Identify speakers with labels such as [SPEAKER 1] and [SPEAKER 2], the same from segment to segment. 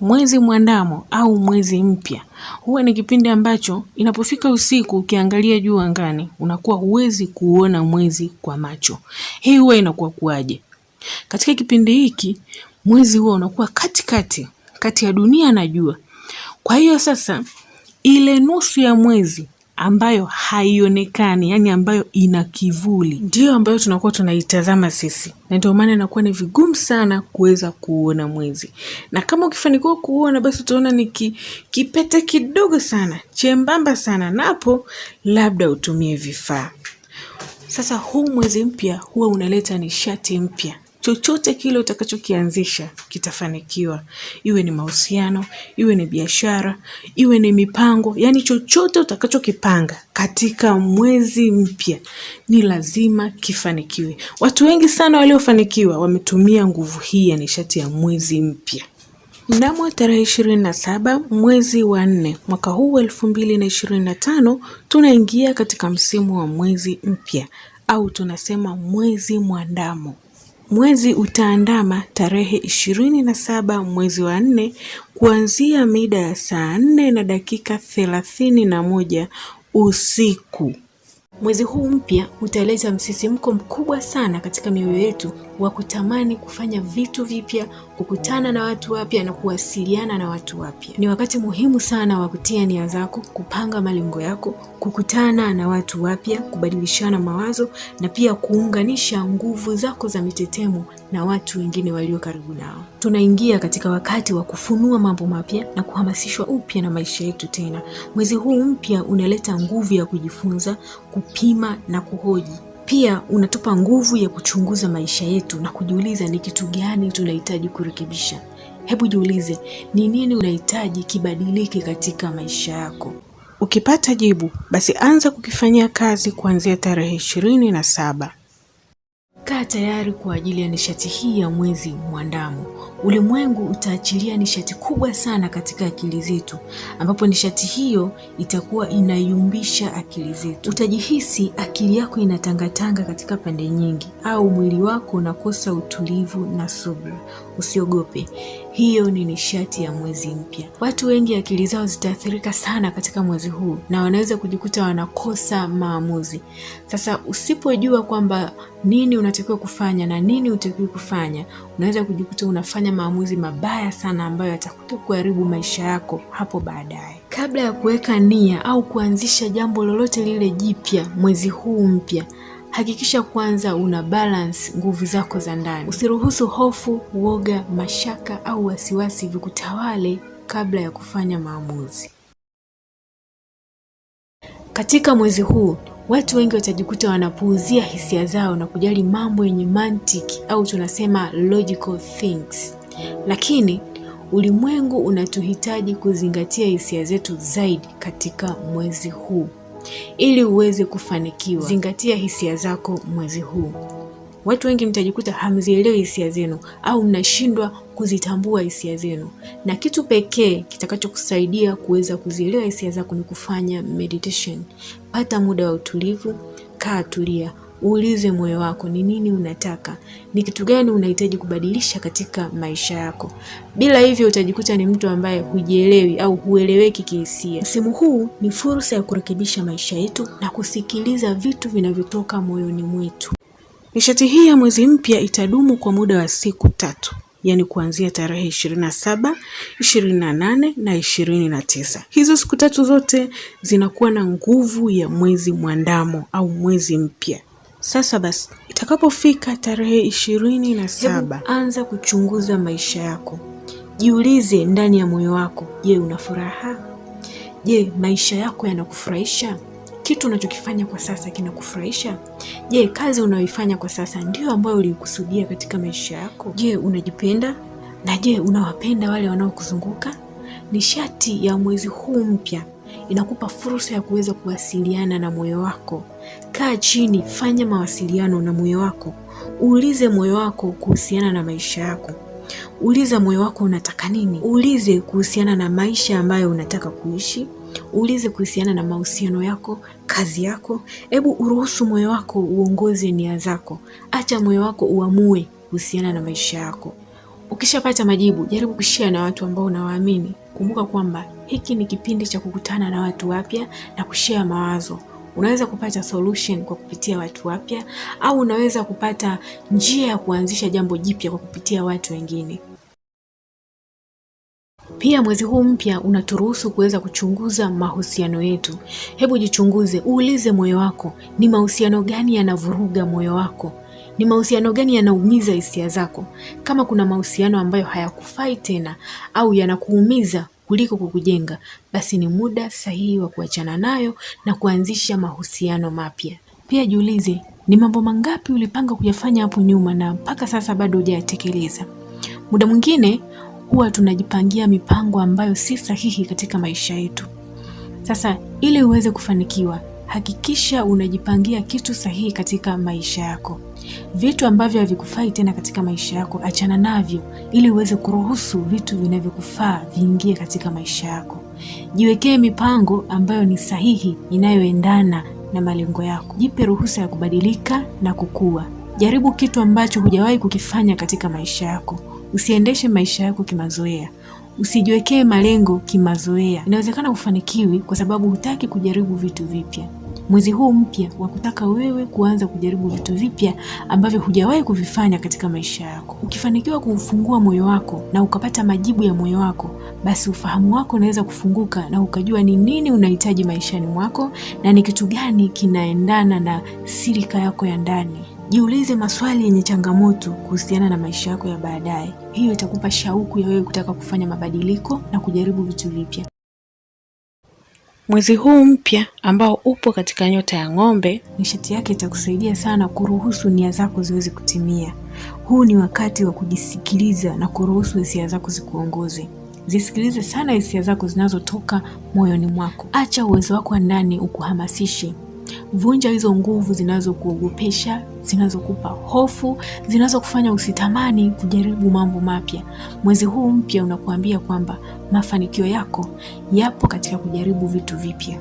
[SPEAKER 1] Mwezi mwandamo au mwezi mpya huwa ni kipindi ambacho inapofika usiku, ukiangalia juu angani unakuwa huwezi kuona mwezi kwa macho. Hii huwa inakuwa kuaje? Katika kipindi hiki mwezi huwa unakuwa katikati kati ya dunia na jua. Kwa hiyo sasa ile nusu ya mwezi ambayo haionekani, yani ambayo ina kivuli, ndiyo ambayo tunakuwa tunaitazama sisi, na ndio maana inakuwa ni vigumu sana kuweza kuona mwezi, na kama ukifanikiwa kuona, basi utaona ni ki, kipete kidogo sana chembamba sana, napo labda utumie vifaa. Sasa huu mwezi mpya huwa unaleta nishati mpya chochote kile utakachokianzisha kitafanikiwa, iwe ni mahusiano, iwe ni biashara, iwe ni mipango, yaani chochote utakachokipanga katika mwezi mpya ni lazima kifanikiwe. Watu wengi sana waliofanikiwa wametumia nguvu hii ya nishati ya mwezi mpya. Mnamo tarehe ishirini na saba mwezi wa nne mwaka huu wa elfu mbili na ishirini na tano tunaingia katika msimu wa mwezi mpya au tunasema mwezi mwandamo. Mwezi utaandama tarehe ishirini na saba mwezi wa nne kuanzia mida ya saa nne na dakika thelathini na moja usiku. Mwezi huu mpya utaleta msisimko mkubwa sana katika mioyo yetu wa kutamani kufanya vitu vipya, kukutana na watu wapya na kuwasiliana na watu wapya. Ni wakati muhimu sana wa kutia nia zako, kupanga malengo yako, kukutana na watu wapya, kubadilishana mawazo na pia kuunganisha nguvu zako za mitetemo na watu wengine walio karibu nao. Tunaingia katika wakati wa kufunua mambo mapya na kuhamasishwa upya na maisha yetu tena. Mwezi huu mpya unaleta nguvu ya kujifunza, kupima na kuhoji. Pia unatupa nguvu ya kuchunguza maisha yetu na kujiuliza ni kitu gani tunahitaji kurekebisha. Hebu jiulize ni nini unahitaji kibadilike katika maisha yako. Ukipata jibu, basi anza kukifanyia kazi kuanzia tarehe ishirini na saba. Kaa tayari kwa ajili ya nishati hii ya mwezi mwandamo ulimwengu utaachilia nishati kubwa sana katika akili zetu, ambapo nishati hiyo itakuwa inayumbisha akili zetu. Utajihisi akili yako inatangatanga katika pande nyingi, au mwili wako unakosa utulivu na subira. Usiogope, hiyo ni nishati ya mwezi mpya. Watu wengi akili zao zitaathirika sana katika mwezi huu na wanaweza kujikuta wanakosa maamuzi. Sasa usipojua kwamba nini unatakiwa kufanya na nini utakiwa kufanya, unaweza kujikuta unafanya kufanya maamuzi mabaya sana ambayo yatakuta kuharibu maisha yako hapo baadaye. Kabla ya kuweka nia au kuanzisha jambo lolote lile jipya mwezi huu mpya, hakikisha kwanza una balance nguvu zako za ndani. Usiruhusu hofu, uoga, mashaka au wasiwasi vikutawale kabla ya kufanya maamuzi. Katika mwezi huu watu wengi watajikuta wanapuuzia hisia zao na kujali mambo yenye mantiki au tunasema logical things. Lakini ulimwengu unatuhitaji kuzingatia hisia zetu zaidi katika mwezi huu. Ili uweze kufanikiwa, zingatia hisia zako mwezi huu. Watu wengi mtajikuta hamzielewi hisia zenu au mnashindwa kuzitambua hisia zenu, na kitu pekee kitakachokusaidia kuweza kuzielewa hisia zako ni kufanya meditation. Pata muda wa utulivu, kaa tulia Uulize moyo wako ni nini unataka, ni kitu gani unahitaji kubadilisha katika maisha yako. Bila hivyo, utajikuta ni mtu ambaye hujielewi au hueleweki kihisia. Msimu huu ni fursa ya kurekebisha maisha yetu na kusikiliza vitu vinavyotoka moyoni mwetu. Nishati hii ya mwezi mpya itadumu kwa muda wa siku tatu, yaani kuanzia tarehe ishirini na saba ishirini na nane na ishirini na tisa Hizo siku tatu zote zinakuwa na nguvu ya mwezi mwandamo au mwezi mpya. Sasa basi, itakapofika tarehe ishirini na saba anza kuchunguza maisha yako. Jiulize ndani ya moyo wako, je, una furaha? Je, maisha yako yanakufurahisha? Kitu unachokifanya kwa sasa kinakufurahisha? Je, kazi unayoifanya kwa sasa ndiyo ambayo uliikusudia katika maisha yako? Je, unajipenda? Na je, unawapenda wale wanaokuzunguka? Nishati ya mwezi huu mpya inakupa fursa ya kuweza kuwasiliana na moyo wako kaa chini, fanya mawasiliano na moyo wako, uulize moyo wako kuhusiana na maisha yako. Uliza moyo wako unataka nini, uulize kuhusiana na maisha ambayo unataka kuishi, uulize kuhusiana na mahusiano yako, kazi yako. Hebu uruhusu moyo wako uongoze nia zako, acha moyo wako uamue kuhusiana na maisha yako. Ukishapata majibu, jaribu kushia na watu ambao unawaamini. Kumbuka kwamba hiki ni kipindi cha kukutana na watu wapya na kushia mawazo. Unaweza kupata solution kwa kupitia watu wapya, au unaweza kupata njia ya kuanzisha jambo jipya kwa kupitia watu wengine. Pia mwezi huu mpya unaturuhusu kuweza kuchunguza mahusiano yetu. Hebu jichunguze, uulize moyo wako, ni mahusiano gani yanavuruga moyo wako? Ni mahusiano gani yanaumiza hisia zako? Kama kuna mahusiano ambayo hayakufai tena au yanakuumiza, kuliko kukujenga, basi ni muda sahihi wa kuachana nayo na kuanzisha mahusiano mapya. Pia jiulize ni mambo mangapi ulipanga kuyafanya hapo nyuma na mpaka sasa bado hujayatekeleza. Muda mwingine huwa tunajipangia mipango ambayo si sahihi katika maisha yetu. Sasa ili uweze kufanikiwa, hakikisha unajipangia kitu sahihi katika maisha yako. Vitu ambavyo havikufai tena katika maisha yako achana navyo, ili uweze kuruhusu vitu vinavyokufaa viingie katika maisha yako. Jiwekee mipango ambayo ni sahihi, inayoendana na malengo yako. Jipe ruhusa ya kubadilika na kukua. Jaribu kitu ambacho hujawahi kukifanya katika maisha yako. Usiendeshe maisha yako kimazoea. Usijiwekee malengo kimazoea. Inawezekana hufanikiwi kwa sababu hutaki kujaribu vitu vipya mwezi huu mpya wa kutaka wewe kuanza kujaribu vitu vipya ambavyo hujawahi kuvifanya katika maisha yako. Ukifanikiwa kuufungua moyo wako na ukapata majibu ya moyo wako, basi ufahamu wako unaweza kufunguka na ukajua ni nini unahitaji maishani mwako na ni kitu gani kinaendana na silika yako ya ndani. Jiulize maswali yenye changamoto kuhusiana na maisha yako ya baadaye. Hiyo itakupa shauku ya wewe kutaka kufanya mabadiliko na kujaribu vitu vipya. Mwezi huu mpya ambao upo katika nyota ya ng'ombe, nishati yake itakusaidia sana kuruhusu nia zako ziweze kutimia. Huu ni wakati wa kujisikiliza na kuruhusu hisia zako zikuongoze. Zisikilize sana hisia zako zinazotoka moyoni mwako. Acha uwezo wako wa ndani ukuhamasishe. Vunja hizo nguvu zinazokuogopesha, zinazokupa hofu, zinazokufanya usitamani kujaribu mambo mapya. Mwezi huu mpya unakuambia kwamba mafanikio yako yapo katika kujaribu vitu vipya.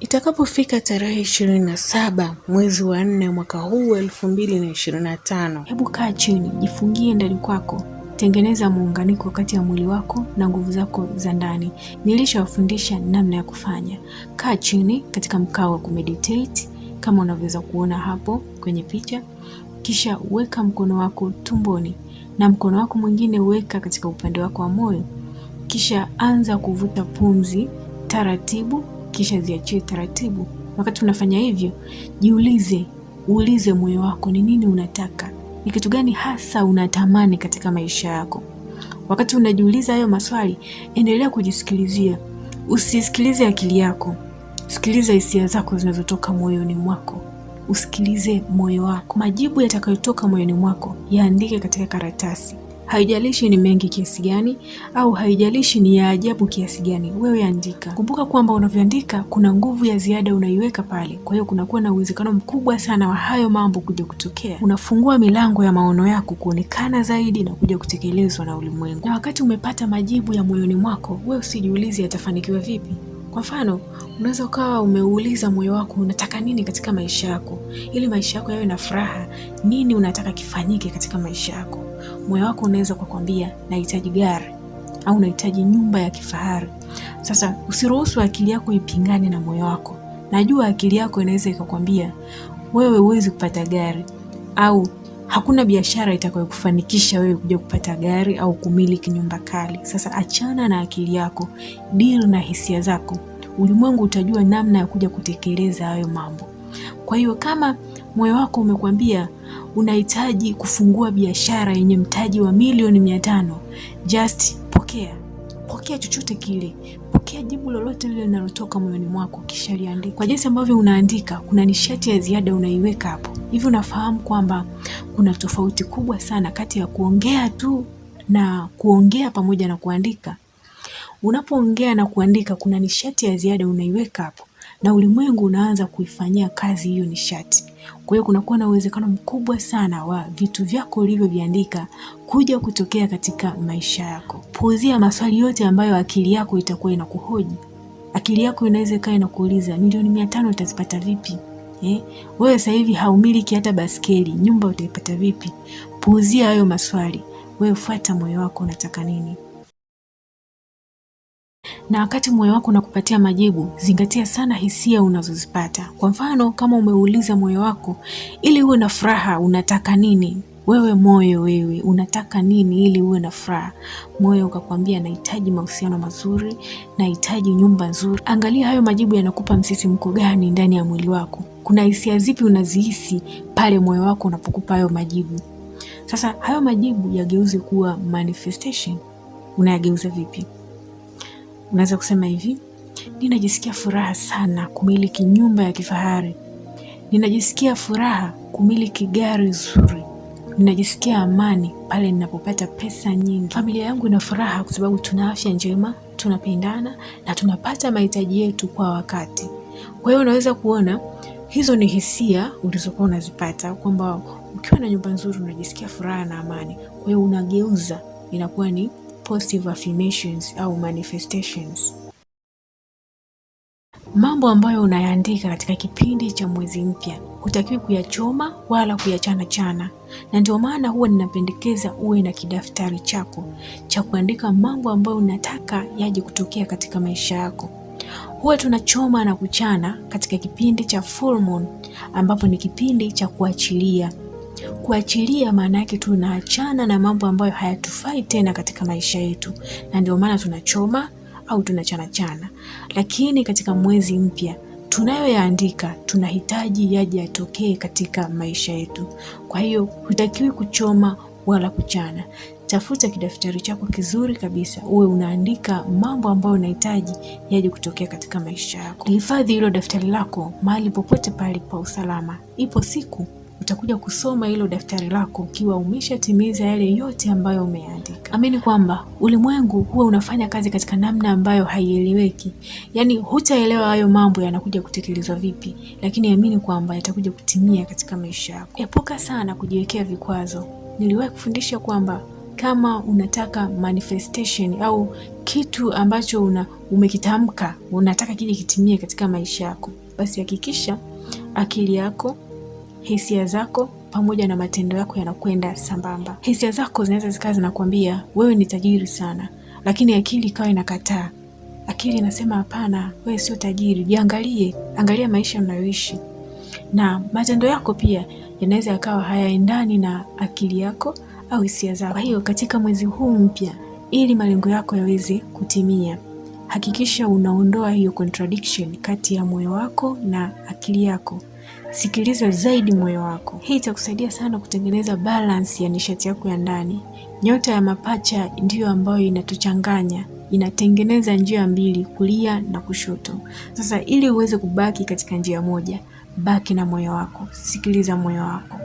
[SPEAKER 1] Itakapofika tarehe ishirini na saba mwezi wa nne mwaka huu elfu mbili na ishirini na tano hebu kaa chini, jifungie ndani kwako, tengeneza muunganiko kati ya mwili wako na nguvu zako za ndani. Nilishawafundisha namna ya kufanya. Kaa chini katika mkao wa kumeditate kama unavyoweza kuona hapo kwenye picha. Kisha weka mkono wako tumboni na mkono wako mwingine weka katika upande wako wa moyo, kisha anza kuvuta pumzi taratibu, kisha ziachie taratibu. Wakati unafanya hivyo, jiulize, uulize moyo wako ni nini unataka, ni kitu gani hasa unatamani katika maisha yako. Wakati unajiuliza hayo maswali, endelea kujisikilizia, usisikilize akili yako. Sikiliza hisia zako zinazotoka moyoni mwako, usikilize moyo wako. Majibu yatakayotoka moyoni mwako yaandike katika karatasi. Haijalishi ni mengi kiasi gani, au haijalishi ni ya ajabu kiasi gani, wewe andika. Kumbuka kwamba unavyoandika kuna nguvu ya ziada unaiweka pale, kwa hiyo kunakuwa na uwezekano mkubwa sana wa hayo mambo kuja kutokea. Unafungua milango ya maono yako kuonekana zaidi na kuja kutekelezwa na ulimwengu. Na wakati umepata majibu ya moyoni mwako, wewe usijiulize yatafanikiwa vipi kwa mfano, unaweza ukawa umeuliza moyo wako unataka nini katika maisha yako, ili maisha yako yawe na furaha. Nini unataka kifanyike katika maisha yako? Moyo wako unaweza kukwambia nahitaji gari au nahitaji nyumba ya kifahari. Sasa usiruhusu akili yako ipingane na moyo wako. Najua akili yako inaweza ikakwambia wewe huwezi kupata gari au Hakuna biashara itakayokufanikisha wewe kuja kupata gari au kumiliki nyumba kali. Sasa achana na akili yako, deal na hisia zako. Ulimwengu utajua namna ya kuja kutekeleza hayo mambo. Kwa hiyo kama moyo wako umekwambia unahitaji kufungua biashara yenye mtaji wa milioni mia tano, just pokea pokea chochote kile, pokea jibu lolote lile linalotoka moyoni mwako, kisha liandika. Kwa jinsi ambavyo unaandika, kuna nishati ya ziada unaiweka hapo. Hivi unafahamu kwamba kuna tofauti kubwa sana kati ya kuongea tu na kuongea pamoja na kuandika. Unapoongea na kuandika, kuna nishati ya ziada unaiweka hapo, na ulimwengu unaanza kuifanyia kazi hiyo nishati. Kwa hiyo kunakuwa na uwezekano mkubwa sana wa vitu vyako ulivyoviandika kuja kutokea katika maisha yako. Puuzia maswali yote ambayo akili yako itakuwa inakuhoji. Akili yako inaweza ikawa inakuuliza milioni mia tano utazipata vipi? Eh, wewe sasa hivi haumiliki hata baskeli, nyumba utaipata vipi? Puuzia hayo maswali, wewe fuata moyo wako unataka nini na wakati moyo wako unakupatia majibu, zingatia sana hisia unazozipata. Kwa mfano, kama umeuliza moyo wako ili uwe na furaha, unataka nini? Wewe moyo, wewe unataka nini ili uwe na furaha? Moyo ukakwambia nahitaji mahusiano mazuri, nahitaji nyumba nzuri. Angalia hayo majibu yanakupa msisimko gani ndani ya mwili wako. Kuna hisia zipi unazihisi pale moyo wako unapokupa hayo majibu? Sasa hayo majibu yageuze kuwa manifestation. Unayageuza vipi? Unaweza kusema hivi, ninajisikia furaha sana kumiliki nyumba ya kifahari, ninajisikia furaha kumiliki gari zuri, ninajisikia amani pale ninapopata pesa nyingi. Familia yangu ina furaha kwa sababu tuna afya njema, tunapendana na tunapata mahitaji yetu kwa wakati. Kwa hiyo unaweza kuona hizo ni hisia ulizokuwa unazipata kwamba ukiwa na nyumba nzuri unajisikia furaha na amani. Kwa hiyo unageuza, inakuwa ni positive affirmations au manifestations, mambo ambayo unayaandika katika kipindi cha mwezi mpya hutakiwi kuyachoma wala kuyachana chana, na ndio maana huwa ninapendekeza uwe na kidaftari chako cha kuandika mambo ambayo unataka yaje kutokea katika maisha yako. Huwa tunachoma na kuchana katika kipindi cha full moon, ambapo ni kipindi cha kuachilia Kuachilia maana yake tunaachana na mambo ambayo hayatufai tena katika maisha yetu, na ndio maana tunachoma au tunachanachana. Lakini katika mwezi mpya tunayoyaandika tunahitaji yaje yatokee katika maisha yetu. Kwa hiyo hutakiwi kuchoma wala kuchana. Tafuta kidaftari chako kizuri kabisa, uwe unaandika mambo ambayo unahitaji yaje kutokea katika maisha yako. Hifadhi hilo daftari lako mahali popote pale pa usalama. Ipo siku utakuja kusoma hilo daftari lako ukiwa umeshatimiza yale yote ambayo umeandika. Amini kwamba ulimwengu huwa unafanya kazi katika namna ambayo haieleweki, yaani hutaelewa hayo mambo yanakuja kutekelezwa vipi, lakini amini kwamba yatakuja kutimia katika maisha yako. Epuka sana kujiwekea vikwazo. Niliwahi kufundisha kwamba kama unataka manifestation au kitu ambacho una umekitamka unataka kile kitimie katika maisha yako, basi hakikisha akili yako hisia zako pamoja na matendo yako yanakwenda sambamba. Hisia zako zinaweza zikawa zinakwambia wewe ni tajiri sana, lakini akili ikawa inakataa. Akili inasema hapana, wewe sio tajiri, jiangalie, angalia maisha unayoishi. Na matendo yako pia yanaweza yakawa hayaendani na akili yako au hisia zako. Kwa hiyo katika mwezi huu mpya, ili malengo yako yaweze kutimia, hakikisha unaondoa hiyo contradiction kati ya moyo wako na akili yako Sikiliza zaidi moyo wako. Hii itakusaidia sana kutengeneza balance ya nishati yako ya ndani. Nyota ya mapacha ndiyo ambayo inatuchanganya, inatengeneza njia mbili, kulia na kushoto. Sasa ili uweze kubaki katika njia moja, baki na moyo wako, sikiliza moyo wako.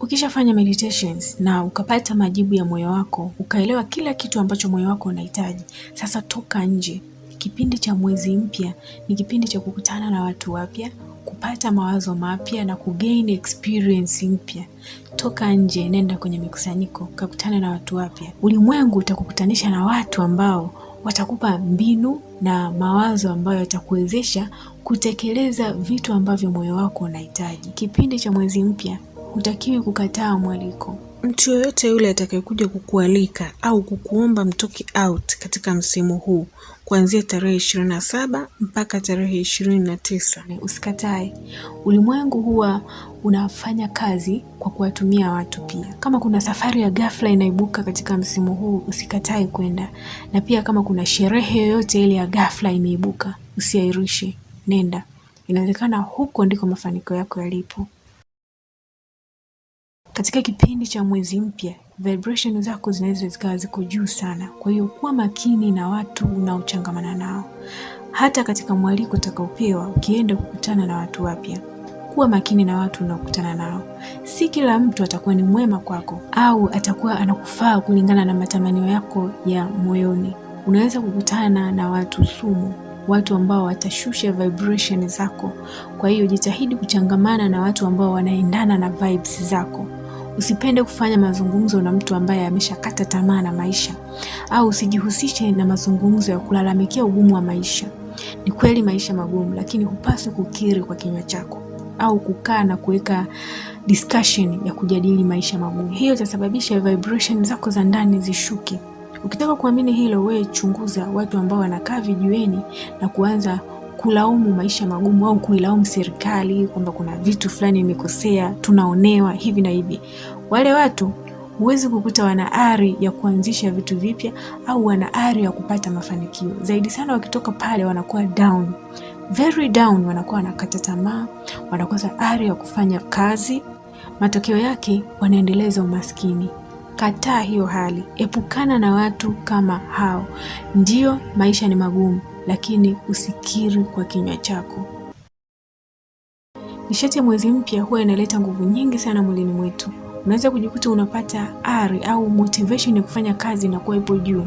[SPEAKER 1] Ukishafanya meditations na ukapata majibu ya moyo wako, ukaelewa kila kitu ambacho moyo wako unahitaji, sasa toka nje. Kipindi cha mwezi mpya ni kipindi cha kukutana na watu wapya, kupata mawazo mapya na kugain experience mpya. Toka nje, nenda kwenye mikusanyiko, kakutana na watu wapya. Ulimwengu utakukutanisha na watu ambao watakupa mbinu na mawazo ambayo yatakuwezesha kutekeleza vitu ambavyo moyo wako unahitaji. Kipindi cha mwezi mpya hutakiwi kukataa mwaliko mtu yoyote yule atakayekuja kukualika au kukuomba mtoke out katika msimu huu kuanzia tarehe ishirini na saba mpaka tarehe ishirini na tisa usikatae. Ulimwengu huwa unafanya kazi kwa kuwatumia watu pia. Kama kuna safari ya ghafla inaibuka katika msimu huu, usikatae kwenda, na pia kama kuna sherehe yoyote ile ya ghafla imeibuka, usiairishe, nenda. Inawezekana huko ndiko mafanikio yako yalipo katika kipindi cha mwezi mpya vibration zako zinaweza zikawa ziko juu sana. Kwa hiyo kuwa makini na watu unaochangamana nao, hata katika mwaliko utakaopewa ukienda kukutana na watu wapya. Kuwa makini na watu unaokutana nao. Si kila mtu atakuwa ni mwema kwako au atakuwa anakufaa kulingana na matamanio yako ya moyoni. Unaweza kukutana na watu sumu, watu ambao watashusha vibration zako. Kwa hiyo jitahidi kuchangamana na watu ambao wanaendana na vibes zako. Usipende kufanya mazungumzo na mtu ambaye ameshakata tamaa na maisha, au usijihusishe na mazungumzo ya kulalamikia ugumu wa maisha. Ni kweli maisha magumu, lakini hupaswi kukiri kwa kinywa chako au kukaa na kuweka discussion ya kujadili maisha magumu. Hiyo itasababisha vibration zako za ndani zishuke. Ukitaka kuamini hilo, wewe chunguza watu ambao wanakaa vijiweni na kuanza kulaumu maisha magumu au kuilaumu serikali kwamba kuna vitu fulani imekosea, tunaonewa hivi na hivi. Wale watu huwezi kukuta wana ari ya kuanzisha vitu vipya au wana ari ya kupata mafanikio zaidi. Sana wakitoka pale wanakuwa down, very down, wanakuwa wanakata tamaa, wanakosa ari ya kufanya kazi. Matokeo yake wanaendeleza umaskini. Kataa hiyo hali, epukana na watu kama hao. ndio maisha ni magumu, lakini usikiri kwa kinywa chako. Nishati ya mwezi mpya huwa inaleta nguvu nyingi sana mwilini mwetu. Unaweza kujikuta unapata ari au motivation ya kufanya kazi na kuwa ipo juu.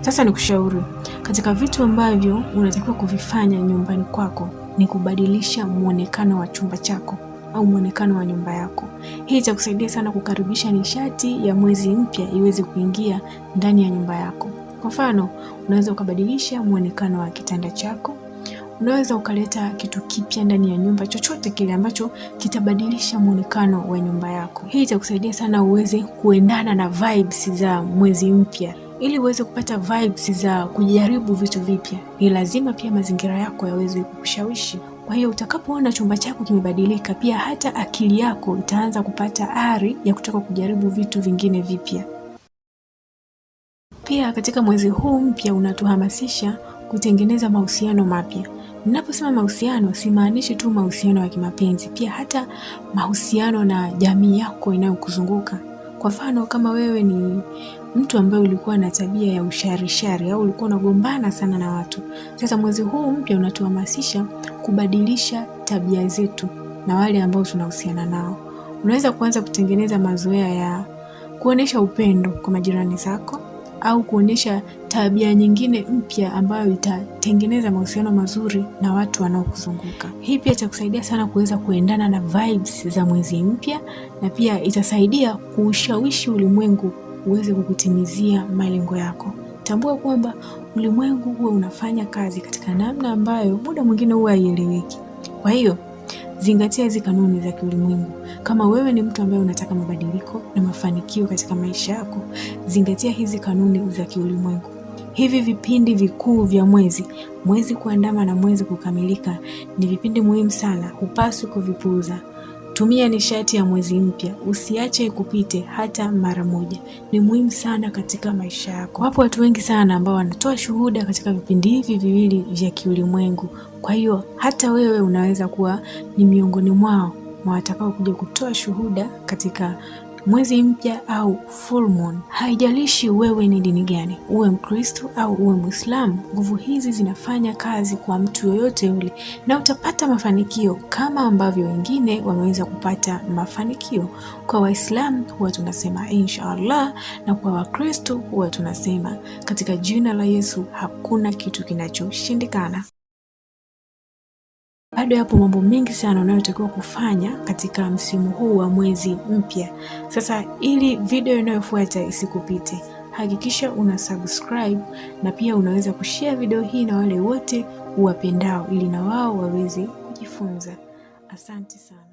[SPEAKER 1] Sasa nikushauri katika vitu ambavyo unatakiwa kuvifanya nyumbani kwako ni kubadilisha mwonekano wa chumba chako au mwonekano wa nyumba yako. Hii itakusaidia sana kukaribisha nishati ya mwezi mpya iweze kuingia ndani ya nyumba yako. Kwa mfano, unaweza ukabadilisha muonekano wa kitanda chako, unaweza ukaleta kitu kipya ndani ya nyumba, chochote kile ambacho kitabadilisha muonekano wa nyumba yako. Hii itakusaidia sana uweze kuendana na vibes za mwezi mpya. Ili uweze kupata vibes za kujaribu vitu vipya, ni lazima pia mazingira yako yaweze kukushawishi. Kwa hiyo utakapoona chumba chako kimebadilika, pia hata akili yako itaanza kupata ari ya kutaka kujaribu vitu vingine vipya. Pia katika mwezi huu mpya unatuhamasisha kutengeneza mahusiano mapya. Ninaposema mahusiano, simaanishi tu mahusiano ya kimapenzi, pia hata mahusiano na jamii yako inayokuzunguka. Kwa mfano, kama wewe ni mtu ambaye ulikuwa na tabia ya usharishari au ulikuwa unagombana sana na watu, sasa mwezi huu mpya unatuhamasisha kubadilisha tabia zetu na wale ambao tunahusiana nao. Unaweza kuanza kutengeneza mazoea ya kuonesha upendo kwa majirani zako au kuonyesha tabia nyingine mpya ambayo itatengeneza mahusiano mazuri na watu wanaokuzunguka. Hii pia itakusaidia sana kuweza kuendana na vibes za mwezi mpya, na pia itasaidia kuushawishi ulimwengu uweze kukutimizia malengo yako. Tambua kwamba ulimwengu huwa unafanya kazi katika namna ambayo muda mwingine huwa haieleweki. Kwa hiyo zingatia hizi kanuni za kiulimwengu. Kama wewe ni mtu ambaye unataka mabadiliko na mafanikio katika maisha yako, zingatia hizi kanuni za kiulimwengu. Hivi vipindi vikuu vya mwezi, mwezi kuandama na mwezi kukamilika, ni vipindi muhimu sana, hupaswi kuvipuuza. Tumia nishati ya mwezi mpya, usiache ikupite hata mara moja. Ni muhimu sana katika maisha yako. Wapo watu wengi sana ambao wanatoa shuhuda katika vipindi hivi viwili vya kiulimwengu. Kwa hiyo hata wewe unaweza kuwa ni miongoni mwao mwa watakao kuja kutoa shuhuda katika mwezi mpya au full moon. Haijalishi wewe ni dini gani, uwe Mkristo au uwe Mwislamu, nguvu hizi zinafanya kazi kwa mtu yoyote yule, na utapata mafanikio kama ambavyo wengine wameweza kupata mafanikio. Kwa Waislamu huwa tunasema insha Allah, na kwa Wakristo huwa tunasema katika jina la Yesu hakuna kitu kinachoshindikana. Bado yapo mambo mengi sana unayotakiwa kufanya katika msimu huu wa mwezi mpya. Sasa ili video inayofuata isikupite, hakikisha una subscribe na pia unaweza kushare video hii na wale wote uwapendao, ili na wao waweze kujifunza. Asante sana.